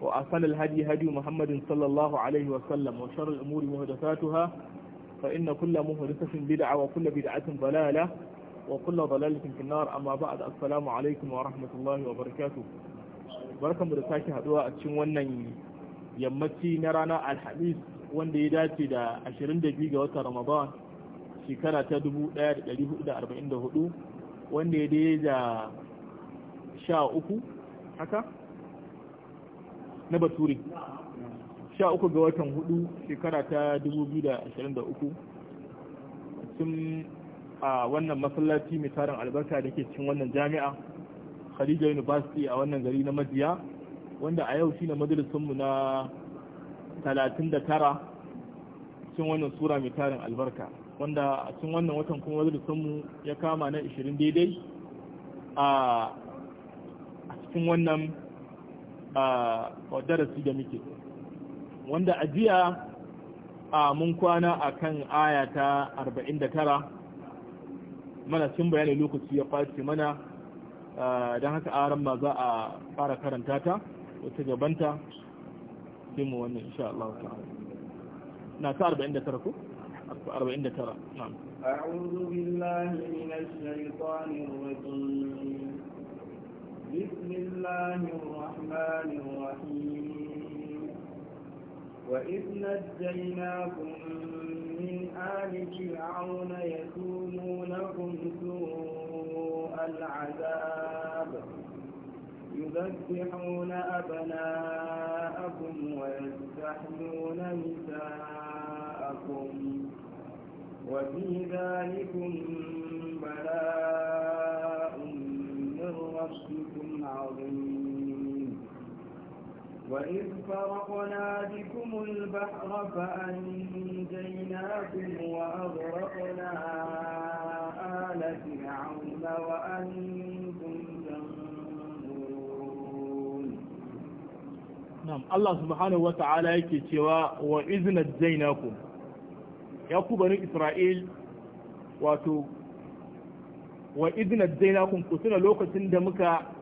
وأصل الهدي هدي محمد صلى الله عليه وسلم وشر الأمور مهدفاتها فإن كل مهدفة بدعة وكل بدعة ضلالة وكل ضلالة في النار أما بعد السلام عليكم ورحمة الله وبركاته بركة مدساكي هدواء تشوانا يمتي نرانا الحديث wanda ya dace da 22 ga watan Ramadan shekara ta 1444 wanda ya dace da 13 haka na baturi sha uku ga watan 4 shekara ta 2023 sun a wannan masallaci mai tarin albarka da ke cikin wannan jami'a Khadija University a wannan gari na Madiya wanda a yau shine majalisunmu na 39 cin wannan sura mai tarin albarka wanda a cikin wannan watan kuma majalisunmu ya kama na 20 daidai a cikin wannan a darasi da muke wanda a jiya a mun kwana a kan aya ta 49 mana cin bayanin lokaci ya kwace mana don haka aran ma za a fara karanta ta wata gabanta sai mu wannan insha Allah ta'ala na ta 49 ko 49 na'am أعوذ بالله من الشيطان الرجيم بسم الله الرحمن الرحيم وإذ نجيناكم من آل فرعون يسومونكم سوء العذاب يذبحون أبناءكم ويستحيون نساءكم وفي ذلكم بلاء عظيم وإذ فرقنا بكم البحر فأنجيناكم وأغرقنا آلة فرعون وأنتم تنظرون نعم الله سبحانه وتعالى يكتوى وإذ نجيناكم يقول بني إسرائيل wato wa idna dainakun ku tuna lokacin da muka